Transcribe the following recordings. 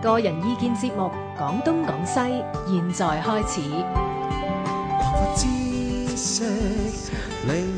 個人意見節目，講東講西現在開始。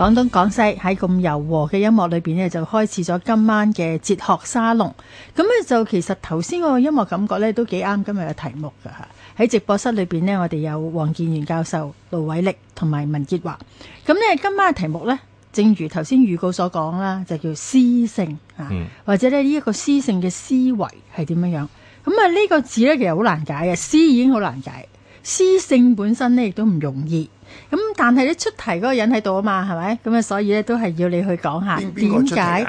廣東廣西喺咁柔和嘅音樂裏邊呢，就開始咗今晚嘅哲學沙龍。咁咧就其實頭先嗰個音樂感覺呢，都幾啱今日嘅題目噶吓。喺直播室裏邊呢，我哋有王建元教授、盧偉力同埋文潔華。咁呢，今晚嘅題目呢，正如頭先預告所講啦，就叫詩性啊，嗯，或者咧呢一個詩性嘅思維係點樣樣。咁啊呢個字呢，其實好難解嘅，詩已經好難解，詩性本身呢，亦都唔容易。咁但係咧，出題嗰個人喺度啊嘛，係咪？咁啊，所以咧都係要你去講下點解，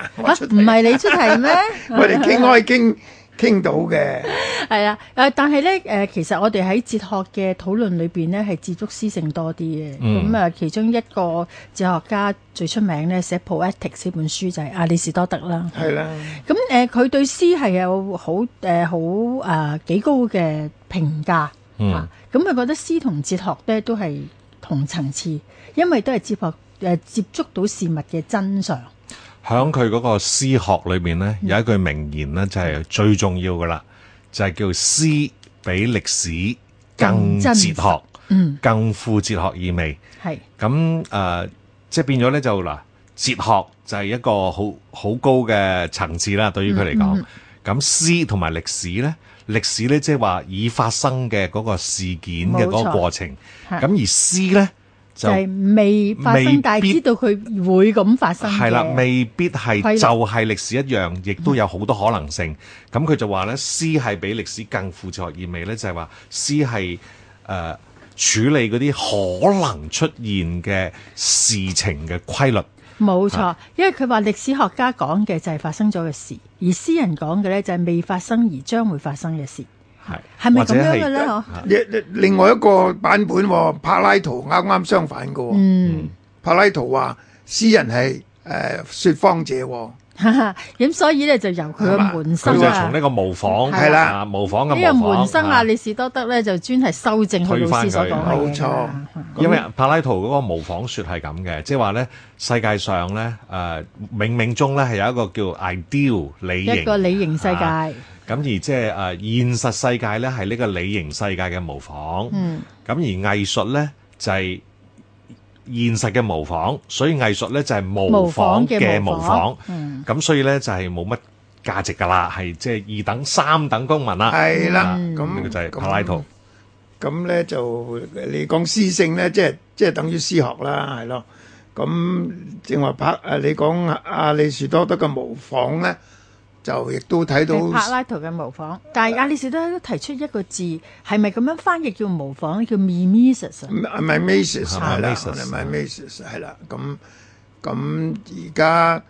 唔係你出題咩？我哋傾開傾傾到嘅係啦，誒，但係咧誒，其實我哋喺哲學嘅討論裏邊咧，係接觸詩性多啲嘅。咁、嗯、啊，其中一個哲學家最出名咧寫《Poetics》呢本書就係亞里士多德啦。係啦、啊。咁、嗯、佢、嗯、對詩係有好誒好誒幾高嘅評價，咁佢、嗯啊、覺得詩同哲學咧都係，同層次，因為都係接觸誒、啊、接觸到事物嘅真相。喺佢嗰個詩學裏面咧，有一句名言咧、嗯，就係、是、最重要噶啦，就係、是、叫詩比歷史更哲學，更真實，嗯，更富哲學意味。係咁誒，即係變咗咧就嗱，哲學就係一個好好高嘅層次啦。對於佢嚟講，咁詩同埋歷史咧。歷史咧，即係話已發生嘅嗰個事件嘅嗰個過程，咁而詩咧就未、就係、未發生，但係知道佢會咁發生係啦，未必係就係歷史一樣，亦都有好多可能性。咁、嗯、佢就話咧，詩係比歷史更富哲學意味咧，就係話詩係誒處理嗰啲可能出現嘅事情嘅規律。冇錯，因為佢話歷史學家講嘅就係發生咗嘅事，而詩人講嘅呢就係未發生而將會發生嘅事，係係咪咁樣嘅咧、啊？另外一個版本、哦、柏拉圖啱啱相反嘅、哦，嗯，柏拉圖話詩人係誒説謊者、哦。哈哈，咁所以咧就由佢個門生啦，佢就從呢個模仿係啦，模仿嘅模仿。呢個門生亞里士多德咧就專係修正佢老師所講嘅，冇錯。因為柏拉圖嗰個模仿說係咁嘅，即係話咧，世界上咧，誒冥冥中咧係有一個叫 ideal 理型，一個理型世界。咁而即係誒現實世界咧係呢個理型世界嘅模仿。嗯，咁而藝術咧就係現實嘅模仿，所以藝術咧就係模仿嘅模仿，咁、嗯、所以咧就係冇乜價值㗎啦，係即係二等三等公民係啦。係、嗯、啦，咁、啊嗯呢個、就係柏拉圖。咁、嗯、咧就你講詩性咧，即係即係等於詩學啦，係咯。咁正話柏誒，你講阿阿里士多德嘅模仿咧。就亦都睇到柏拉圖嘅模仿，但亞里士多德提出一個字，係咪咁樣翻譯叫模仿叫 mimesis、啊。唔、啊、係、啊啊啊、mimesis 係、啊、啦，唔係 mimesis 係啦。咁咁而家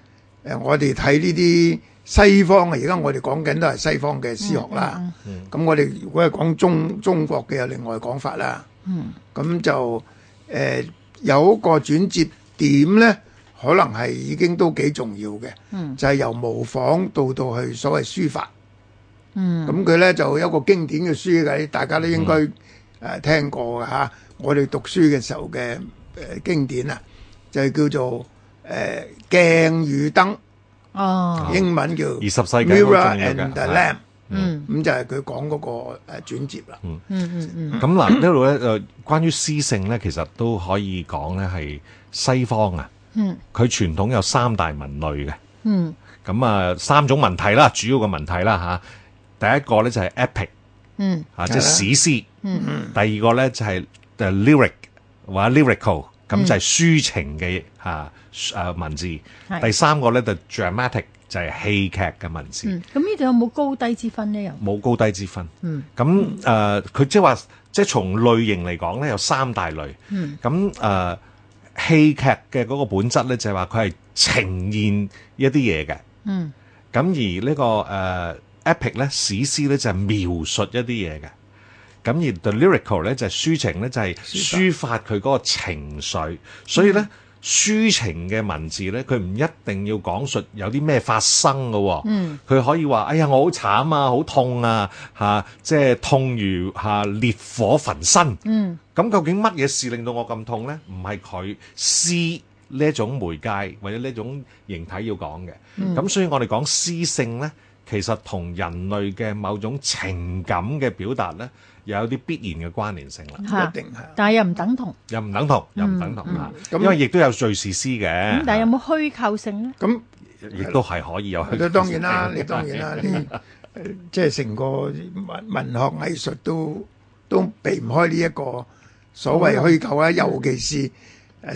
我哋睇呢啲西方，而家我哋講緊都係西方嘅詩學啦。咁、嗯嗯、我哋如果係講中、嗯、中國嘅，有另外講法啦。咁、嗯、就誒、呃、有一個轉接點呢。可能係已經都幾重要嘅、嗯，就係、是、由模仿到到去所謂書法。嗯，咁佢咧就有一個經典嘅書嘅，大家都應該誒、嗯呃、聽過嘅我哋讀書嘅時候嘅誒、呃、經典啊，就係叫做誒、呃、鏡與燈。哦，英文叫二十、哦、世 Mirror and Lamp、啊。嗯，咁就係佢講嗰個誒轉折啦。嗯嗯嗯。咁、嗯、嗱、嗯嗯、呢度咧關於詩性咧，其實都可以講咧係西方啊。嗯，佢傳統有三大文類嘅，嗯，咁啊三種文體啦，主要嘅文體啦吓，第一個咧就係 epic，嗯，啊即係、就是、史詩，嗯嗯，第二個咧就係誒 lyric 或者 lyrical，咁、嗯、就係抒情嘅吓誒文字、嗯，第三個咧就 dramatic 就係戲劇嘅文字。咁呢度有冇高低之分呢？又冇高低之分，嗯，咁、嗯、誒，佢即係話即係從類型嚟講咧有三大類，嗯，咁誒、啊。戲劇嘅嗰個本質咧，就係話佢係呈現一啲嘢嘅。嗯，咁而、呢個 uh, epic 呢個誒 epic 咧，史詩咧就係、係、描述一啲嘢嘅。咁而 the lyrical 咧就係抒情咧，就係、係就係、抒發佢嗰個情緒。所以咧。嗯抒情嘅文字呢，佢唔一定要講述有啲咩發生嘅，佢、嗯、可以話：哎呀，我好慘啊，好痛啊，嚇、啊！即係痛如嚇、啊、烈火焚身。咁、嗯、究竟乜嘢事令到我咁痛呢？唔係佢詩呢種媒介或者呢種形體要講嘅。咁、嗯、所以我哋講詩性呢，其實同人類嘅某種情感嘅表達呢。又有啲必然嘅關聯性啦，一定係，但係又唔等同，又唔等同，嗯、又唔等同啊！咁、嗯、因為亦都有敘事詩嘅，咁、嗯、但係有冇虛構性咧？咁、嗯、亦都係可以有虛構性。咁當然啦、啊， 你當然啦、啊，呢即係成個文文學藝術都都避唔開呢一個所謂虛構啦，尤其是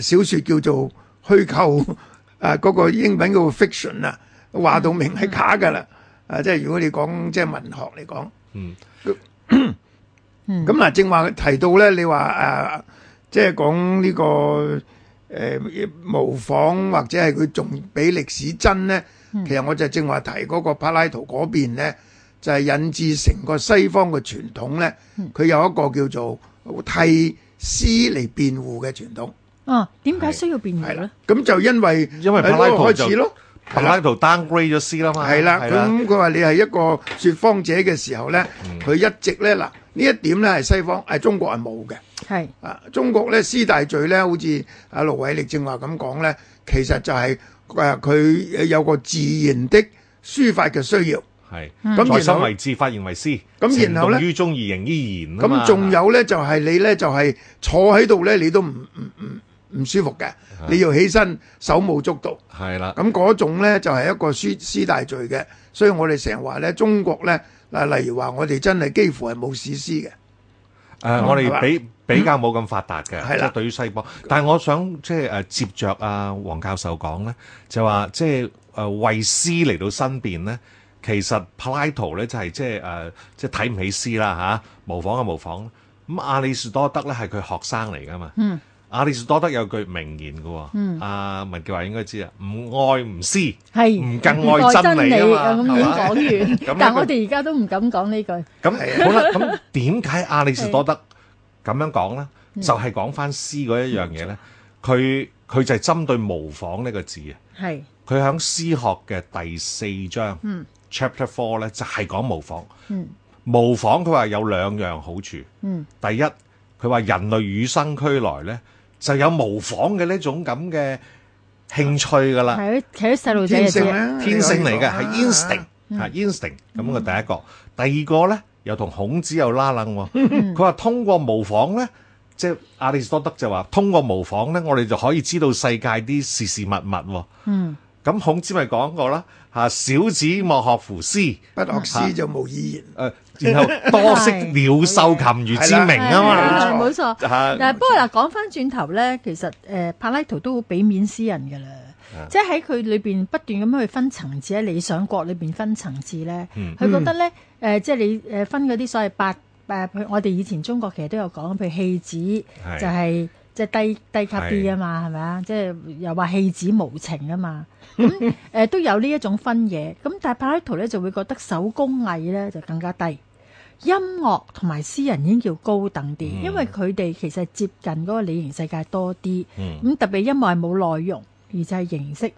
誒小說叫做虛構誒嗰、呃那個英文叫 fiction、嗯、啊，話到明係假噶啦，誒即係如果你講即係文學嚟講，嗯。咁嗱，正話提到咧，你話誒，即係講呢個誒模仿或者係佢仲比歷史真咧。其實我就正話提嗰個柏拉圖嗰邊咧，就係引致成個西方嘅傳統咧。佢有一個叫做替詩嚟辯護嘅傳統。哦，點解需要辯護咧？咁就因為因為柏拉圖開始咯，柏拉圖 downgrade 咗詩啦嘛。係啦，咁佢話你係一個說謊者嘅時候咧，佢一直咧嗱。呢一點咧係西方，係中國係冇嘅。係啊，中國咧詩大序咧，好似阿盧偉力正話咁講咧，其實就係誒佢有個自然的抒發嘅需要。係，咁在心為志，發言為詩。咁然後咧，於中而形於言。咁仲有咧，就係你咧，就係坐喺度咧，你都唔唔唔唔舒服嘅。你要起身手舞足蹈。係啦。咁嗰種咧就係一個書詩大序嘅。所以我哋成日話咧，中國咧嗱，例如話我哋真係幾乎係冇史詩嘅。誒、嗯，我哋比比較冇咁發達嘅，即、嗯、係、就是、對於西方、嗯。但係我想即係、就是啊、接着阿王教授講咧，就話即係誒，為詩嚟到身邊咧，其實柏拉圖咧就係即係誒，即係睇唔起詩啦嚇，模仿啊模仿。咁、啊、阿、啊、里士多德咧係佢學生嚟噶嘛。嗯。亞里士多德有句名言嘅，阿文潔華應該知啦，吾愛吾師，係吾更愛真理啊嘛，已經講完。但係我哋而家都唔敢講呢句。咁好啦，咁點解亞里士多德咁樣講咧？就係講翻詩嗰一樣嘢咧，佢佢就係針對模仿呢個字啊。係佢喺詩學嘅第四章，嗯，Chapter Four 咧就係講模仿，嗯，模仿佢話有兩樣好處，嗯，第一佢話人類與生俱來咧。就有模仿嘅呢種咁嘅興趣噶啦，係啲細路仔嘅天性嚟嘅，係 instinct，係 instinct，咁嘅第一個。第二個咧，又同孔子有拉楞。佢話通過模仿咧，即係亞里斯多德就話通過模仿咧，我哋就可以知道世界啲事事物物。嗯，咁孔子咪講過啦，嚇小子莫學夫詩，不學詩就無以言。 然後多識鳥獸禽魚之名 啊嘛，冇錯。但係不過嗱，講返轉頭咧，其實誒柏拉圖都俾面詩人噶啦，啊，即係喺佢裏邊不斷咁樣去分層次喺理想國裏邊分層次咧，佢、嗯、覺得咧誒、嗯呃、即係你誒分嗰啲所謂八誒，譬如我哋以前中國其實都有講，譬如戲子就是低是，就係即係低低級啲啊嘛，係咪啊？即係又話戲子無情啊嘛，咁 誒、嗯呃、都有呢一種分嘢。咁但係柏拉圖咧就會覺得手工藝咧就更加低。音樂同埋詩人已經叫高等啲，因為佢哋其實接近嗰個理型世界多啲。咁特別音樂係冇內容，而就係形式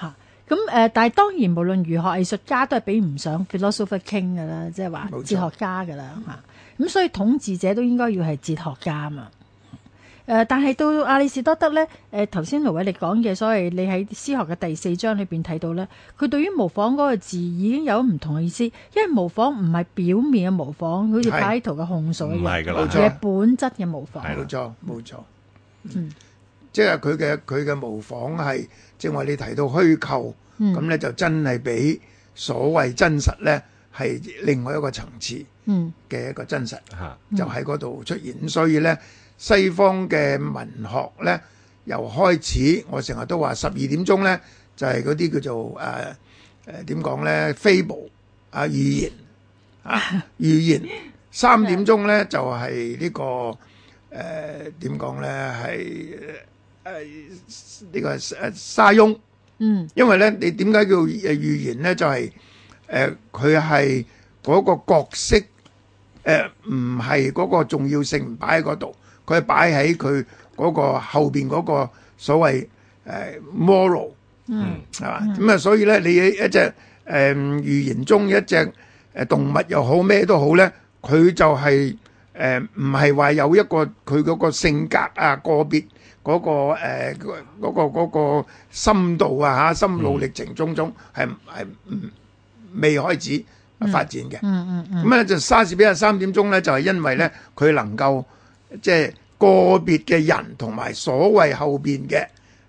嚇。咁、啊、誒，但係當然無論如何，藝術家都係比唔上 Philosopher King 㗎啦，即係話哲學家㗎啦嚇。咁、啊、所以統治者都應該要係哲學家嘛。誒、呃，但係到亞里士多德咧，誒、呃，頭先盧偉力講嘅所謂，你喺《詩學》嘅第四章裏邊睇到咧，佢對於模仿嗰個字已經有唔同嘅意思，因爲模仿唔係表面嘅模仿，好似柏拉圖嘅控訴唔係噶啦，嘅本質嘅模仿係冇錯冇錯，嗯，即係佢嘅佢嘅模仿係正話你提到虛構，咁、嗯、咧就真係比所謂真實咧係另外一個層次嘅一個真實，嗯、就喺嗰度出現，嗯、所以咧。西方嘅文學咧，由開始我成日都話十二點鐘咧就係、是、啲叫做誒誒點講咧 fable 啊寓言啊寓言三點鐘咧就係、是這個呃、呢是、呃這個誒點講咧係誒呢個誒沙翁嗯，因為咧你點解叫誒寓言咧？就係誒佢係個角色誒唔係個重要性擺喺度。佢係擺喺佢嗰個後邊嗰個所謂誒、呃、moral，嗯，係嘛？咁、嗯、啊，所以咧，你一隻誒預、呃、言中一隻誒動物又好咩都好咧，佢就係誒唔係話有一個佢嗰個性格啊、個別嗰、那個誒嗰深度啊、嚇心路歷程中中係係唔未開始發展嘅。嗯嗯嗯。咁、嗯、咧、嗯、就莎士比亞三點鐘咧，就係、是、因為咧佢能夠。即係個別嘅人同埋所謂後邊嘅、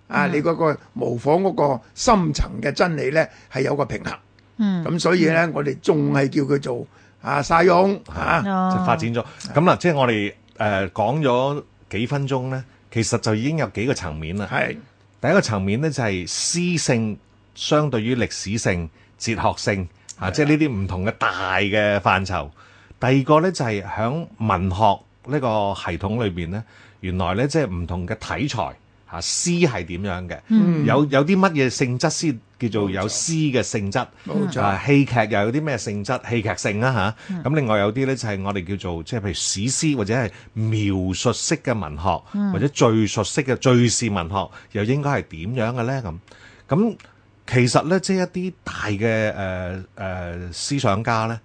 嗯、啊，你嗰個模仿嗰個深層嘅真理呢，係有個平衡。嗯，咁所以呢，嗯、我哋仲係叫佢做啊莎翁嚇，就、啊、發展咗咁啦。即係我哋誒、呃、講咗幾分鐘呢，其實就已經有幾個層面啦。係第一個層面呢，就係、是、詩性相對於歷史性、哲學性啊，即係呢啲唔同嘅大嘅範疇的。第二個呢，就係、是、喺文學。呢個系統裏邊咧，原來咧即係唔同嘅體裁嚇，詩係點樣嘅？有有啲乜嘢性質先叫做有詩嘅性質？冇錯。啊，戲劇又有啲咩性質？戲劇性啊嚇。咁另外有啲咧就係我哋叫做即係譬如史詩或者係描述式嘅文學，或者敘述式嘅敘事文學，又應該係點樣嘅咧？咁咁其實咧，即係一啲大嘅誒誒思想家咧，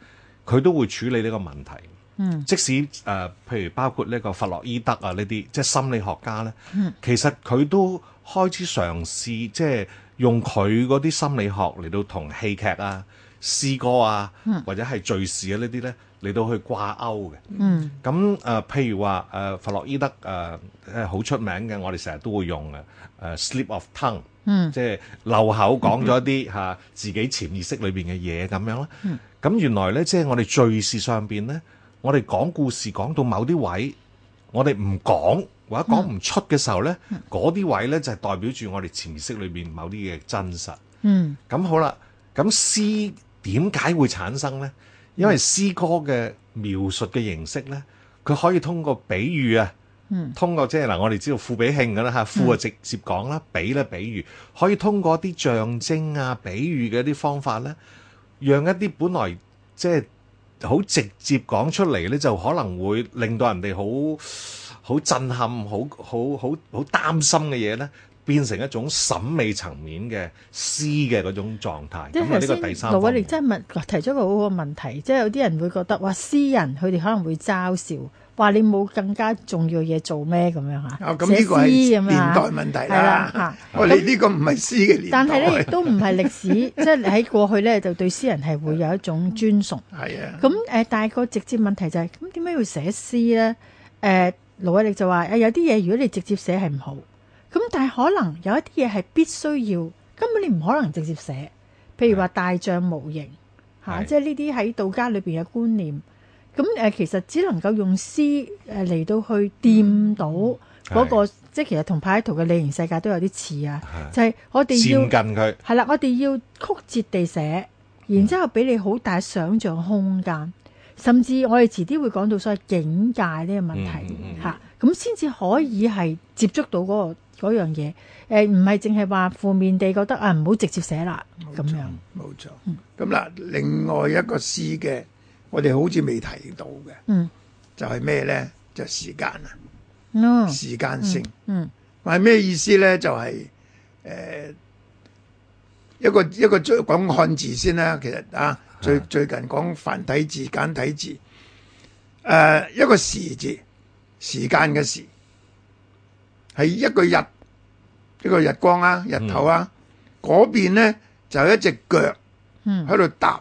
佢都會處理呢個問題。嗯，即使誒、呃，譬如包括呢個弗洛伊德啊，呢啲即係心理學家咧、嗯，其實佢都開始嘗試即係用佢嗰啲心理學嚟到同戲劇啊、詩歌啊，嗯、或者係敘事啊這些呢啲咧嚟到去掛鈎嘅。嗯，咁、呃、譬如話弗洛伊德誒好、呃、出名嘅，我哋成日都會用嘅、呃、slip of tongue，、嗯、即係漏口講咗一啲、嗯啊、自己潛意識裏邊嘅嘢咁樣，嗯，咁原來咧，即係我哋敘事上面咧。我哋講故事講到某啲位，我哋唔講或者講唔出嘅時候呢，嗰啲位呢就係代表住我哋潛意識裏面某啲嘅真實。嗯，咁好啦，咁詩點解會產生呢？因為詩歌嘅描述嘅形式呢，佢可以通過比喻啊，嗯，通過即係嗱，我哋知道賦比興噶啦嚇，賦啊直接講啦，比咧比喻，可以通過一啲象徵啊、比喻嘅一啲方法呢，讓一啲本來即係。好直接講出嚟咧，就可能會令到人哋好好震撼、好好好好擔心嘅嘢咧。變成一種審美層面嘅詩嘅嗰種狀態，咁啊呢個第三。盧偉力真係問提出一個好好嘅問題，即係有啲人會覺得話詩人佢哋可能會嘲笑，話你冇更加重要嘅嘢做咩咁樣嚇、哦嗯、寫詩咁樣啊？年代問題啦嚇。咁、啊、呢、啊、個唔係詩嘅年代。啊、但係咧亦都唔係歷史， 即係喺過去咧就對詩人係會有一種尊崇。係、嗯、啊。咁、嗯、誒、嗯嗯嗯，但係、呃、個直接問題就係、是，咁點解要寫詩咧？誒、呃，盧偉力就話誒，有啲嘢如果你直接寫係唔好。咁但係可能有一啲嘢係必須要，根本你唔可能直接寫，譬如話大象無形」，吓、啊、即係呢啲喺道家裏面嘅觀念。咁、啊、其實只能夠用詩嚟到去掂到嗰個，嗯、即係其實同柏圖嘅理形世界都有啲似啊。就係、是、我哋要接近佢，係啦，我哋要曲折地寫，然之後俾你好大想象空間、嗯，甚至我哋遲啲會講到所謂境界呢個問題嚇，咁先至可以係接觸到嗰、那個。嗰樣嘢，誒、呃，唔係淨係話負面地覺得啊，唔好直接寫啦，咁樣。冇錯，咁、嗯、啦，另外一個詩嘅，我哋好似未提到嘅，嗯，就係咩咧？就是、時間啊、嗯，時間性，嗯，係、嗯、咩意思咧？就係、是、誒、呃，一個一個講漢字先啦，其實啊，最最近講繁體字簡體字，誒、呃，一個時字，時間嘅時。係一個日，一個日光啊，日頭啊，嗰邊咧就有一隻腳喺度踏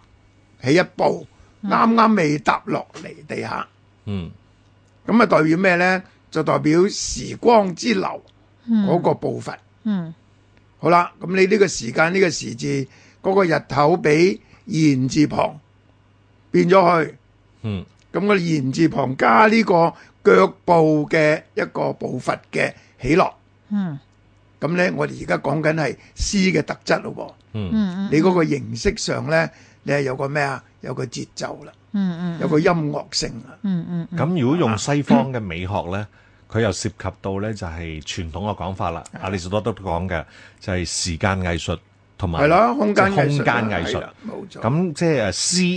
起一步，啱、嗯、啱未踏落嚟地下，咁、嗯、啊代表咩咧？就代表時光之流嗰、嗯嗰個步伐。嗯、好啦，咁你呢個時間呢、呢個時字，嗰、嗰個日頭俾言字旁變咗去，咁、嗯嗰個言字旁加呢個腳步嘅一個步伐嘅。喜樂，嗯，咁咧，我哋而家講緊係詩嘅特質咯喎，嗯嗯，你嗰個形式上咧，你係有個咩啊？有個節奏啦，嗯嗯，有個音樂性啊，嗯嗯，咁如果用西方嘅美學咧，佢又涉及到咧就係傳統嘅講法啦。亞里士多德講嘅就係時間藝術同埋，係咯空間藝術，空間藝術，冇錯。咁即係誒詩。